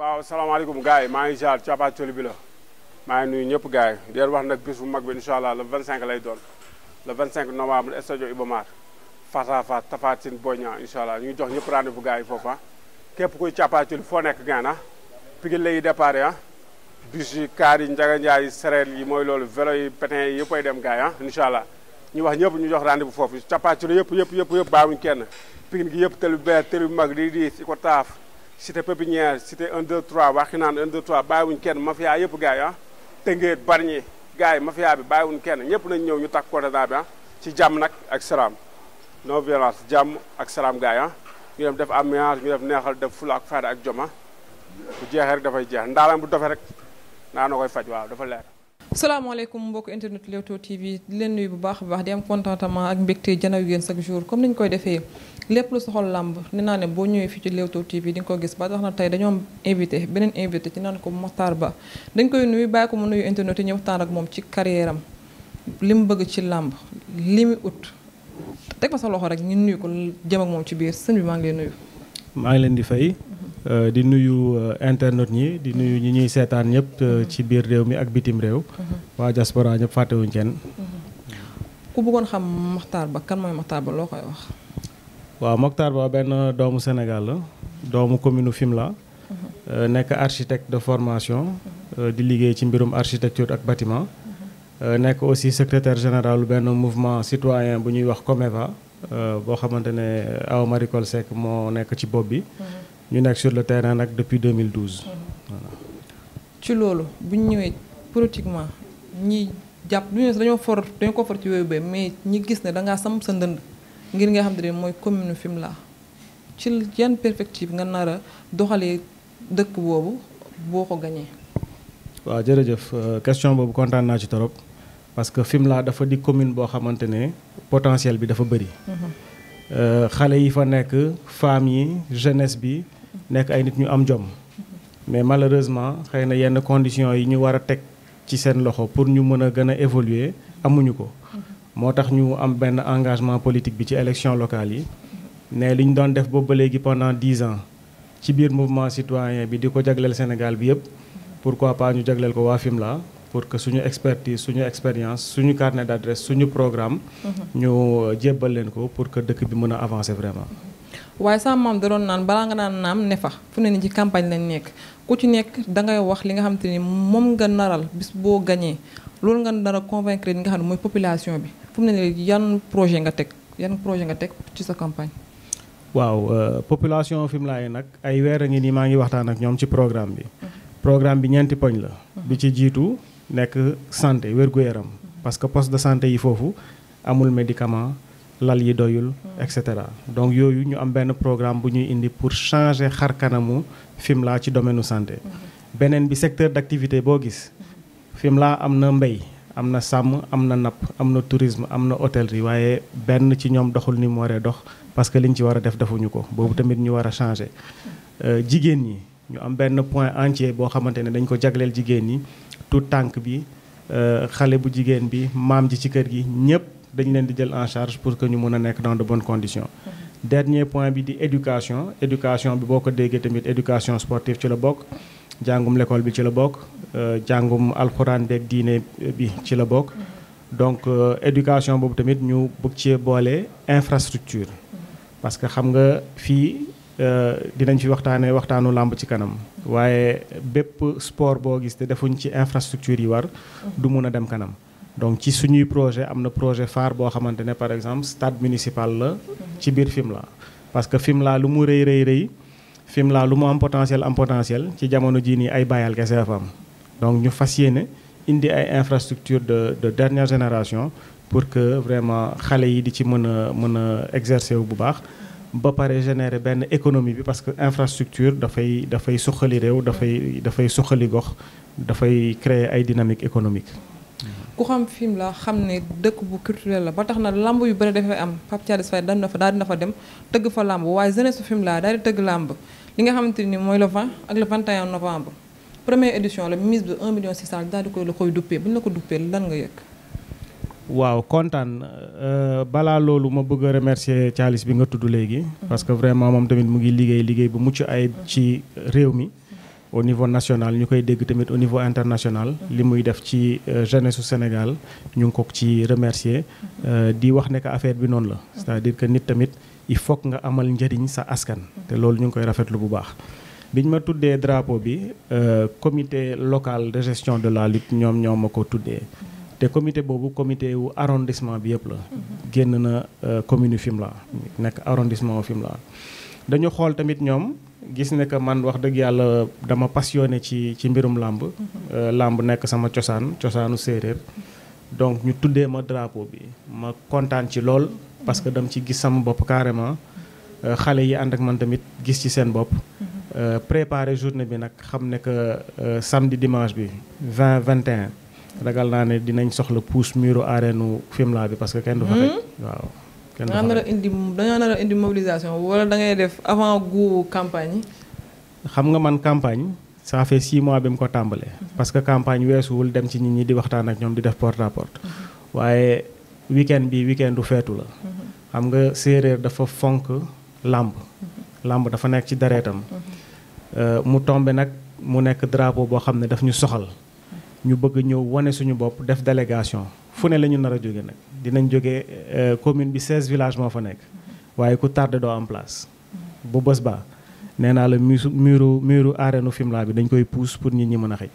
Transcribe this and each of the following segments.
waaw salaamaaleykum gars yi maa ngi jaar cappaatuli bi la maa ngi nuyu ñëpp gars yi di wax nag bis bu mag bi incha allah le 25 lay doon le 25 novembre stade Iba o face à face Tapha Tine Boy Niang allah ñu jox ñëpp rendez-vous gars yi foofu ah képp kuy cappaatuli foo nekk gaan ah Pikine lay déparé bis ah. bus yi kaar yi njaga njaay yi sereer yi mooy loolu vélo yi pétin yi yëpp ay dem gars yi ah incha ñu wax ñëpp ñu jox rendez-vous foofu cappaatuli yëpp yëpp yëpp yëpp bàyyiwuñ kenn yëpp tëlu mag di diis i ko taaf cité pépinière cité 1 2 3 waxi naan 1 2 3 bàyyiwuñ kenn mafia yëpp gars yi ah tëngeet barñi gars yi mafia bi bàyyiwuñ kenn ñëpp nañ ñëw ñu takk corona bi ah ci jàmm nag ak salaam non violence jàmm ak salaam gars yi ah ñu dem def ambiance def neexal def fula ak fayda ak joma ah. bu jeexee rek dafay jeex ndaalaan bu dofee rek naa na koy faj waaw dafa leer salaamaaleykum mbokk internet Leewtoo TV di leen nuyu bu baax baax di am contentement ak mbégte janaw yéen chaque jour comme niñ koy defee lépp lu soxal làmb nee naa ne boo ñëwee fii ci Leewtoo TV di nga ko gis ba tax na tey dañoo am invité beneen invité ci naan ko Makhtar Ba dañ koy nuyu bàyyi ko mu nuyu internet yi ñu waxtaan ak moom ci carrière li mu bëgg ci làmb li mu ut teg ma sa loxo rek ñu nuyu ko jëm ak moom ci biir sëñ bi maa ngi nuyu. maa ngi leen di fay. Euh, di nuyu euh, internautes ñi di nuyu ñi ñuy seetaan ñëpp euh, mm-hmm. ci biir réew mi ak bitim réew. Mm-hmm. waa diaspora ñëpp fàttewuñ kenn. Mm-hmm. ku bëggoon xam Makhtar Ba kan mooy Makhtar Ba loo koy wax. waaw Makhtar Ba benn doomu Sénégal la doomu commune Fimela. nekk architecte de formation. di liggéey ci mbirum architecture ak bâtiment. nekk aussi secrétaire général benn mouvement citoyen bu ñuy wax Comeva boo xamante ne Awa Marie Coll Seck moo nekk ci bopp bi. ñu nekk sur le terrain nag depuis 2012. Mhm. voilà ci loolu bu ñu ñëwee pratiquement ñi jàpp du ñu dañoo for dañoo ko for ci wéyu bay mais ñi gis ne dangaa ngaa sam sa ndënd ngir nga xam ne mooy commune Fimela ci yan perspective nga nara doxalee dëkk boobu boo ko gañee waaw jërëjëf euh, question boobu kontaan naa ci torop parce que Fimela dafa di commune boo xamante ne potentiel bi dafa bëri. Mhm. Euh, xale yi fa nekk femmes yi jeunesse bi. nekk ay nit ñu am jom mais malheureusement xëy na yenn conditions yi ñu war a teg ci seen loxo pour ñu mën a gën a évoluer amuñu ko moo tax ñu am benn engagement politique bi ci élection locale yi ne li ñu doon def boobu ba léegi pendant dix ans ci biir mouvement citoyen bi di ko jagleel Sénégal bi yëpp pourquoi pas ñu jagleel ko waa Fimela pour que suñu expertise suñu expérience suñu carnet d'adresse suñu programme mhm. ñu jébbal leen ko pour que dëkk bi mën a avancer vraiment waaye sama maam da doon naan balaa nga naan naam ne fa fu ne ni ci campagne lañ nekk ku ci nekk dangay wax li nga xam te ni moom nga naral bis boo gañee loolu nga nar a li nga xam ne mooy population bi fu mu ne nii yan projet nga teg yan projet nga teg ci sa campagne. waaw euh, population Fimela yi nag ay weer a ngi nii maa ngi waxtaan ak ñoom ci programme bi. programme bi ñeenti poñ la. bi ci jiitu nekk santé wér-gu-yaram. parce que de santé yi foofu amul médicament. lal yi doyul et cetera donc yooyu ñu am benn programme bu ñuy indi pour changer xar kanamu laa ci domaine santé beneen bi secteur d'activité boo gis fim Fimela am na mbéy am na sàmm am na napp am na tourisme am na hôtellerie waaye benn ci ñoom doxul ni mu waree dox parce que liñ ci war a def defuñu ko boobu tamit ñu war a changer euh, jigéen ñi ñu am benn point entier boo xamante ne dañ ko jagleel jigéen ñi tout tànk bi euh, xale bu jigéen bi maam ji ci kër gi ñëpp dañ leen di jël en charge pour que ñu mën a nekk dans de bonnes conditions. dernier point bi di éducation éducation bi boo ko déggee tamit éducation sportive ci la bokk. jàngum lekkool bi ci la bokk euh, jàngum alxuraan beeg diine bi ci la bokk. donc euh, éducation boobu tamit ñu bëgg cee boole infrastructure. parce que xam nga fii euh, dinañ fi waxtaanee waxtaanu làmb ci kanam. waaye bépp sport boo gis te defuñ ci infrastructure yi war. du mun a dem kanam. donc ci suñuy projet am na projet phare boo xamante ne par exemple stade municipal la ci biir Fimela parce que laa lu mu rëy rëy rëy laa lu mu am potentiel am potentiel ci jamono jii nii ay bàyyal kese fa donc ñu fas yéene indi ay infrastructure de de dernière génération pour que vraiment xale yi di ci mën a mën a exercer wu bu baax ba pare générer benn économie bi parce que infrastructure dafay dafay suqali réew dafay dafay suqali gox dafay créer ay dynamique économique ku xam film la xam ne dëkk bu culturel la ba tax na lamb yu bëri dafay am Pape Thialis Faye daan na fa daal dina fa dem tëgg fa lamb waaye jeunesse su film la daal di tëgg lamb li nga xamante ni mooy le 20 ak le 21 novembre première édition la mise bi 1 million 600 daal di koy la koy duppee bu ñu la ko duppee lan nga yëg. waaw kontaan euh, balaa loolu ma bëgg a remercier Thialis bi nga tudd léegi. Mhm. parce que vraiment moom tamit mu ngi liggéey liggéey bu mucc ayib mhm. ci réew mi. au niveau national ñu koy dégg tamit au niveau international li muy def ci euh, jeunesse su Sénégal ñu ngi ko ci remercier euh, di wax ne que affaire bi noonu la c'est-à-dire que nit tamit i faut nga amal njëriñ sa askan te loolu ñu ngi koy rafetlu bu baax bi ñu ma tuddee drapeau bi euh, comité local de gestion de la lutte ñoom ñoo ma ko tuddee te comité boobu comité wu arrondissement bi yëpp la génn na commune Fimela nekk arrondissement Fimela dañu xool tamit ñoom gis ne que man wax dëgg yàlla dama passionné ci ci mbirum làmb euh, làmb nekk sama cosaan cosaanu séeréer donc ñu tuddee ma drapeau bi ma kontaan ci lool parce que dama ci gis sama bopp carrément euh, xale yi ànd ak man tamit gis ci seen bopp euh, préparer journée bi nag xam ne que samedi dimanche bi vingt 21 ragal naa ne dinañ soxla pousse muru areenu Fimela bi parce que kenn du fa rek hmm? waaw dañoo nar indi dañoo nar a indi mobilisation wala da ngay def avant guubu campagne xam nga man campagne ça fait mois bi mu ko tàmbalee. Mhm. parce que campagne weesuwul dem ci nit ñi di waxtaan ak ñoom di def porte à mhm. waaye weekend bi weekend du feetu la. Mhm. xam nga séeréer dafa fonk làmb. làmb dafa nekk ci dareetam. Euh, mu tombe nag mu nekk drapeau boo xam ne daf ñu soxal. ñu bëgg ñëw wane suñu bopp def délégation fu ne la ñu nar a jóge nag. dinañ jógee euh, commune bi 16 village moo fa nekk waaye ku tardé doo am place bu bés ba nee naa la muru muru muru aarenu Fimela bi dañ koy pousse pour nit ñi mën a xëy.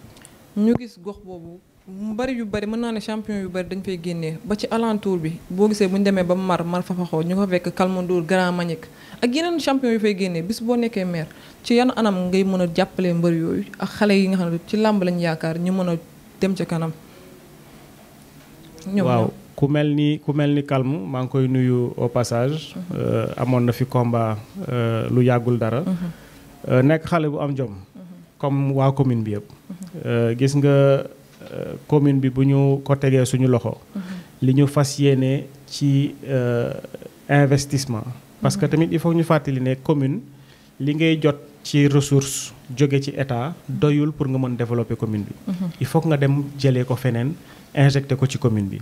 ñu gis gox boobu mu bari yu bari mën naa ne champion yu bari dañ fay génnee ba ci alentour bi boo gisee bu demee ba Mar Mar Fafaxoo ñu ko fekk Kalmandoor Grand Manick ak yeneen champion yu fay génnee bis boo nekkee maire ci yan anam ngay mën a jàppale mbër yooyu ak xale yi nga xam ne ci làmb lañ yaakaar ñu mën a dem ca kanam. ku mel ni ku mel ni calme maa ngi koy nuyu au passage euh, amoon na fi combat euh, lu yàggul dara euh, nekk xale bu am jom comme waa commune bi yëpp gis nga commune bi bu ñu ko tegee suñu loxo li ñu fas yéene ci investissement parce que tamit il faut ñu fàttali ne commune li ngay jot ci ressource jóge ci état doyul pour nga mën développer commune bi il faut nga dem jële ko feneen injecté ko ci commune bi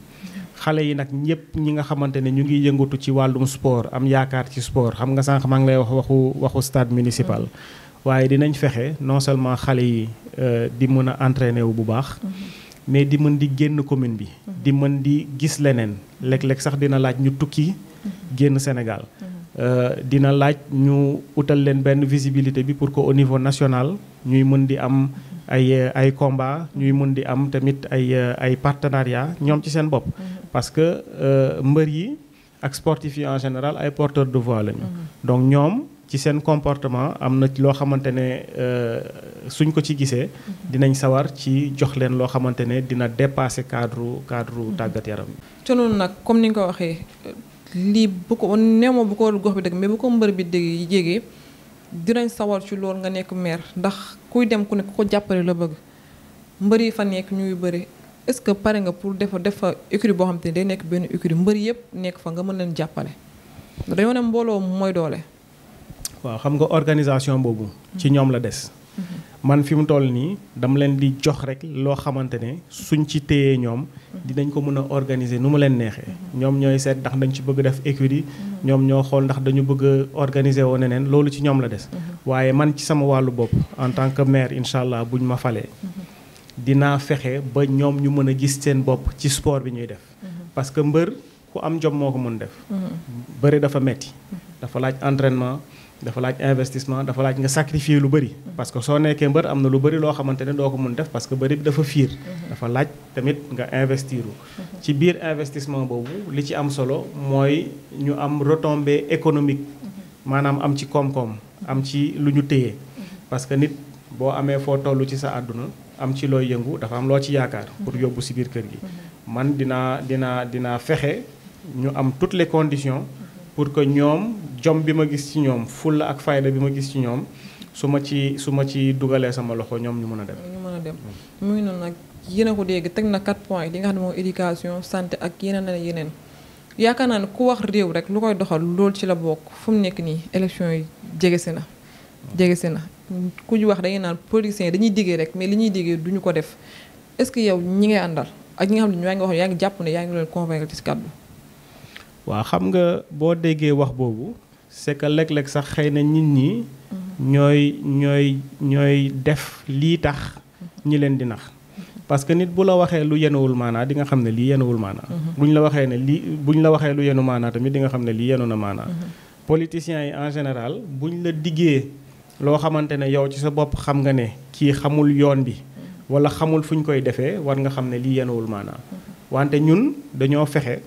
xale yi nag ñëpp ñi nga xamante ne ñu ngi yëngatu ci wàllum sport am yaakaar ci sport xam nga sànq maa ngi lay wax waxu waxu stade municipal. Mm-hmm. waaye dinañ fexe non seulement xale yi euh, di mën a entraîner wu bu baax. Mm-hmm. mais di mën di génn commune bi. Mm-hmm. di mën di gis leneen léeg-léeg sax dina laaj ñu tukki génn Sénégal. Euh, dina laaj ñu utal leen benn visibilité bi pour que au niveau national ñuy mën di am ay ay combat ñuy mën di am tamit ay ay partenariat ñoom ci seen bopp. parce que euh, mbër yi ak sportif en général ay porteurs de voix lañu. Mhm. donc ñoom ci seen comportement am na loo xamante ne euh, suñ ko ci gisee. Mhm. dinañ sawar ci jox leen loo xamante ne dina dépasser cadre cadre mhm. tàggat yaram. ci noonu nag comme ni nga ko waxee lii bu ko néew ma bu ko gox bi dégg mais bu ko mbër bi dégg jégee dinañ sawar ci lool nga nekk maire ndax kuy dem ku ne ku ko jàppale la bëgg mbër yi fa nekk ñuy bëri. est-ce que pare nga pour def defa écurie boo xam te ne day nekk benn écurie mbër yëpp nekk fa nga mën leen jàppale dañoo ne mbooloo mooy doole. waaw xam nga organisation boobu. ci ñoom la des. Mhm. man fi mu toll nii dama leen di jox rek loo xamante ne suñ ci téyee ñoom. Mhm. dinañ ko mën a organiser nu ma leen neexee. Mhm. ñoom ñooy seet ndax dañ ci bëgg def écurie. ñoom ñoo xool ndax dañu bëgg a organiser woo neneen loolu ci ñoom la des. waaye man ci sama wàllu bopp en tant que maire incha allah buñ ma falee. dinaa fexe ba ñoom ñu mën a gis seen bopp ci sport bi ñuy def. Mhm. parce que mbër ku am jom moo ko mën def. Mhm. bëri dafa metti mhm. dafa laaj entraînement dafa laaj investissement dafa laaj nga sacrifier lu bëri. parce que soo nekkee mbër am na lu bari loo xamante ne doo ko mën def parce que bëri dafa fiir. dafa laaj tamit nga investiru ci biir investissement boobu li ci am solo mooy ñu am retombée économique. maanaam am ci koom-koom am ci lu ñu téye. parce que nit boo amee foo toll ci sa àdduna. am ci looy yëngu dafa am loo ci yaakaar pour yóbbu si biir kër gi man dinaa dinaa dinaa fexe ñu am toutes les conditions pour que ñoom jom bi ma gis ci ñoom fulla ak fayda bi ma gis ci ñoom su ma ci su ma ci dugalee sama loxo ñoom ñu mën a dem ñu mën a dem mu ngi noonu nag yéen ko dégg teg na 4 points li nga xam ne moom éducation santé ak yeneen ak yeneen yaakaar naa ne ku wax réew rek lu koy doxal lool ci la bokk fu mu nekk nii élection yi jege si na jege si na ku ñu wax dañuy naan politiciens dañuy diggee rek mais li ñuy diggee duñu ko def est-ce que yow ñi ngay àndal ak ñi nga xam ne yaa ngi wax yaa jàpp ne yaa ngi leen convaincre ci xam nga boo déggee wax boobu c'est que sax xëy na nit ñi. Mm-hmm. ñooy ñooy ñooy def lii tax mm-hmm. ñi leen di nax. Mm-hmm. parce que nit bu la waxee lu yenuwul maanaa di nga xam ne lii yenuwul maanaa. bu la waxee lii bu la waxee lu yenu maanaa tamit di nga xam ne lii yenu na maanaa. politiciens yi en général bu ñu la diggee. loo xamante ne yow ci sa bopp xam nga ne kii xamul yoon bi wala xamul fu ñu koy defee war nga xam ne lii yenuwul maanaam wante ñun dañoo fexe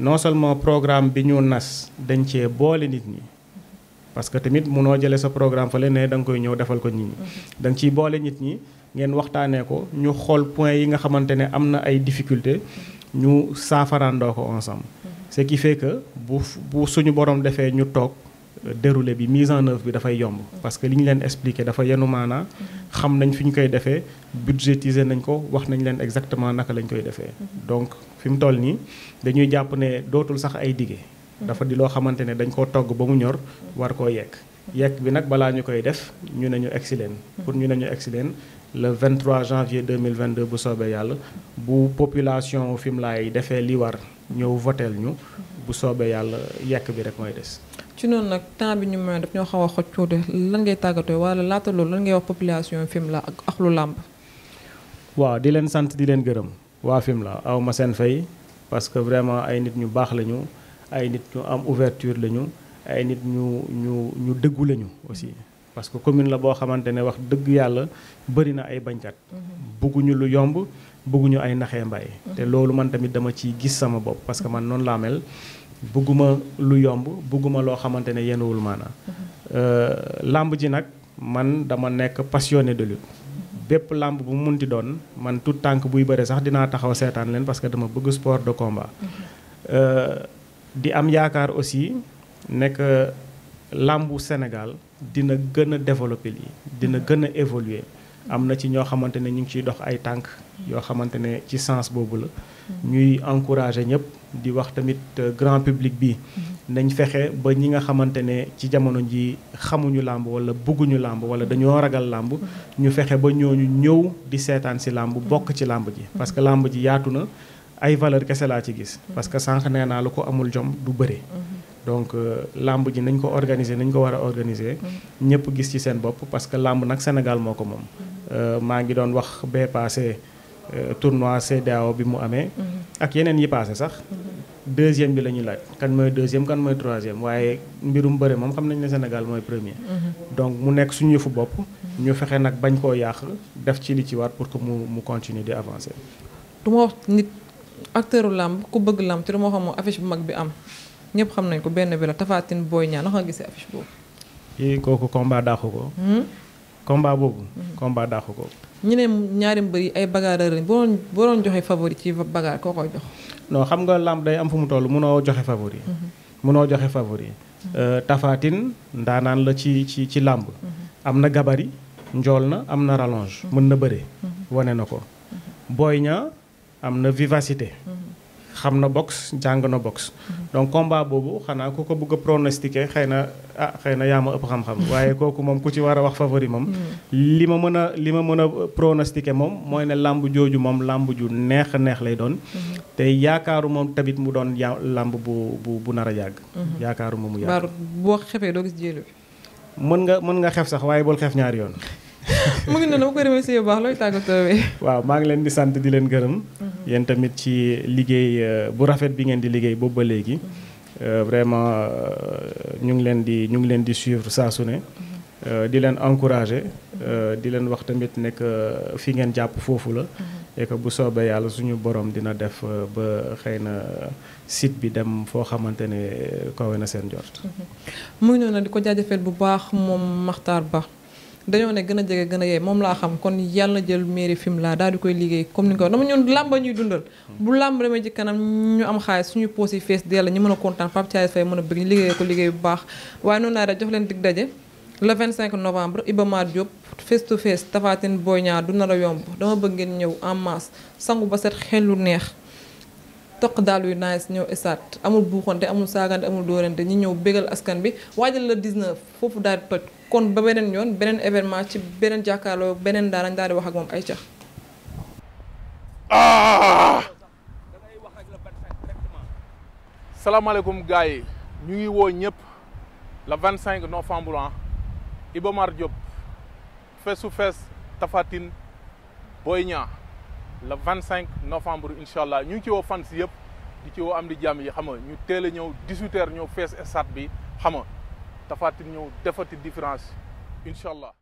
non seulement programme bi ñu nas dañ cee boole nit ñi parce que tamit munoo jëlee sa programme fale ne da nga koy ñëw defal ko nit ñi da nga ciy boole nit ñi ngeen waxtaanee ko ñu xool point yi nga xamante ne am na ay difficulté ñu saafaraandoo ko ensemble ce qui bu suñu borom defee ñu toog déroulé bi mise en œuvre bi dafay yomb parce que li ñu leen expliqué dafa yenu maanaa xam nañ fi ñu koy defee budgétiser nañ ko wax nañ leen exactement naka lañ koy defee donc fi mu toll nii dañuy jàpp ne dootul sax ay dige dafa di loo xamante ne dañ koo togg ba mu ñor war koo yekk yekk bi nag balaa ñu koy def ñu ne ñu egsi leen pour ñu ne ñu egsi leen le 23 janvier 2022 bu soobee yàlla bu population Fimela yi defee li war ñëw voteel ñu bu soobee yàlla yekk bi rek mooy des ci noonu nag temps bi ñu may daf ñoo xaw a xoj tuuti lan ngay tàggatoo wala laata loolu lan ngay wax population la ak ak lu làmb. waaw di leen sant di leen gërëm waa Fimela aw ma seen fay parce que vraiment ay nit ñu baax lañu ay nit ñu am ouverture lañu ay nit ñu ñu ñu dëggu lañu aussi. parce que commune la boo xamante ne wax dëgg yàlla bëri na ay bañkat. Mhm. bëgguñu lu yomb bëgguñu ay naxee mbay. Mhm. te loolu man tamit dama ciy gis sama bopp parce que man noonu laa mel. bëgguma lu yomb bëgguma loo xamante ne yenuwul maanaam euh, làmb ji nag man dama nekk passionné de lutte bépp làmb bu mu munti doon man tout tànk buy bëre sax dinaa taxaw seetaan leen parce que dama bëgg sport de combat euh, di am yaakaar aussi nekk làmbu Sénégal dina gën a développé lii dina gën a évoluer am na ci ñoo xamante ne ñu ngi ciy dox ay tànk yoo xamante ne ci sens boobu la mm-hmm. ñuy encourager ñëpp di wax tamit euh, grand public bi mm-hmm. nañ fexe ba ñi nga xamante ne ci jamono ji xamuñu làmb wala bëgguñu làmb wala dañoo ragal làmb mm-hmm. ñu fexe ba ñu ñëw di seetaan si làmb mm-hmm. bokk ci làmb ji parce que làmb ji yaatu na ay valeur kese laa ci gis parce que sànq nee naa lu ko amul jom du bëre donc euh, làmb ji nañ ko organiser nañ ko war a organiser ñëpp gis ci seen bopp parce que làmb nag Sénégal moo ko moom euh, maa ngi doon wax bee passé tournoi CEDEAO bi mu amee ak yeneen yi paase sax deuxième bi la ñuy laaj kan mooy deuxième kan mooy troisième waaye mbirum bëre moom xam nañ ne Sénégal mooy premier mm-hmm. donc mu nekk suñu yëfu bopp ñu fexe nag bañ koo yàq def ci li ci war pour que mu mu continuer di avancer du ma wax nit acteuru làmb ku bëgg làmb te du ma xam moom affiche bu mag bi am ñëpp xam nañ ko benn bi la Tapha Tine Boy Niang naka nga gisee affiche boobu kii kooku combat dàqu ko hmm? combat boobu hmm. combat dàqu ko ñu ne ñaari mbër ay bagarreur lañ boo boo doon joxe favori ci bagaar koo koy jox. non xam nga làmb day am fu mu toll munoo joxe favori. Mhm. munoo joxe favori. Mhm. Euh, Tafatine ndaanaan la ci ci ci làmb. Mhm. am na gabari njool na am na ralonge mën na bëre. wane na ko. Boy Niang am na vivacité. xam na box jàng na box donc combat boobu xanaa ku ko bëgg a pronostiquer xëy na ah xëy na yaa ma ëpp xam-xam waaye kooku moom ku ci war a wax favori moom li ma mën a li ma mën a pronostiquer moom mooy ne làmb jooju moom làmb ju neex a neex lay doon mhm. te yaakaaru moom tamit mu doon ya làmb bu bu bu nar a yàgg mhm. yaakaaru moom mu yàgg boo xefee doo gis jéelu bi mën nga mën nga xef sax waaye bul xef ñaar yoon mu ngi noonu ma koy remercier baax looy tàggatoo waaw maa ngi leen di sant di leen gërëm mhm. yéen tamit ci liggéey euh, bu rafet bi ngeen di liggéey boobu ba léegi euh, vraiment euh, ñu ngi leen di ñu ngi leen di suivre saa su ne di leen encourager di leen wax tamit nekk fi ngeen jàpp foofu la et bu soobee yàlla suñu boroom dina def ba xëy na site bi dem foo xamante ne kawe na seen jort muy noonu di ko jaajëfal bu baax moom Makhtar Ba dañoo ne gën a jege gën a yey moom laa xam kon yàlla jël mairie Fimela daal di koy liggéey comme ni ko dama ñun làmba ñuy dundal bu làmb demee ci kanam ñu am xaalis suñu poos yi fees della ñu mën a kontaan Pape Thialis Faye mën a bëgg ñu liggéey ko liggéey bu baax waaye noonu naa da jox leen dig daje le 25 novembre Iba Mar Diop face to face Tapha Tine Boy Niang du nar a yomb dama bëgg ngeen ñëw en masse sangu ba set xel lu neex toq daal yu nice ñëw estaat amul buuxante amul saagante amul dóorante ñi ñëw bégal askan bi waajal la 19 foofu daal di toj kon ba beneen yoon beneen événement ci beneen jàkkaarloo beneen daal dañ daal di wax ak moom ay cax. Ah! salaamaaleykum gars ñu ngi woo ñëpp le 25 novembre ah Iba Mar Diop feesu fees Tapha Tine Boy le 25 novembre incha allah ñu ngi ci woo fans yëpp di ci woo am di jàmm yi xam nga ñu teel a ñëw 18 ñëw fees stade bi xam nga Tapha ñëw defati différence incha allah.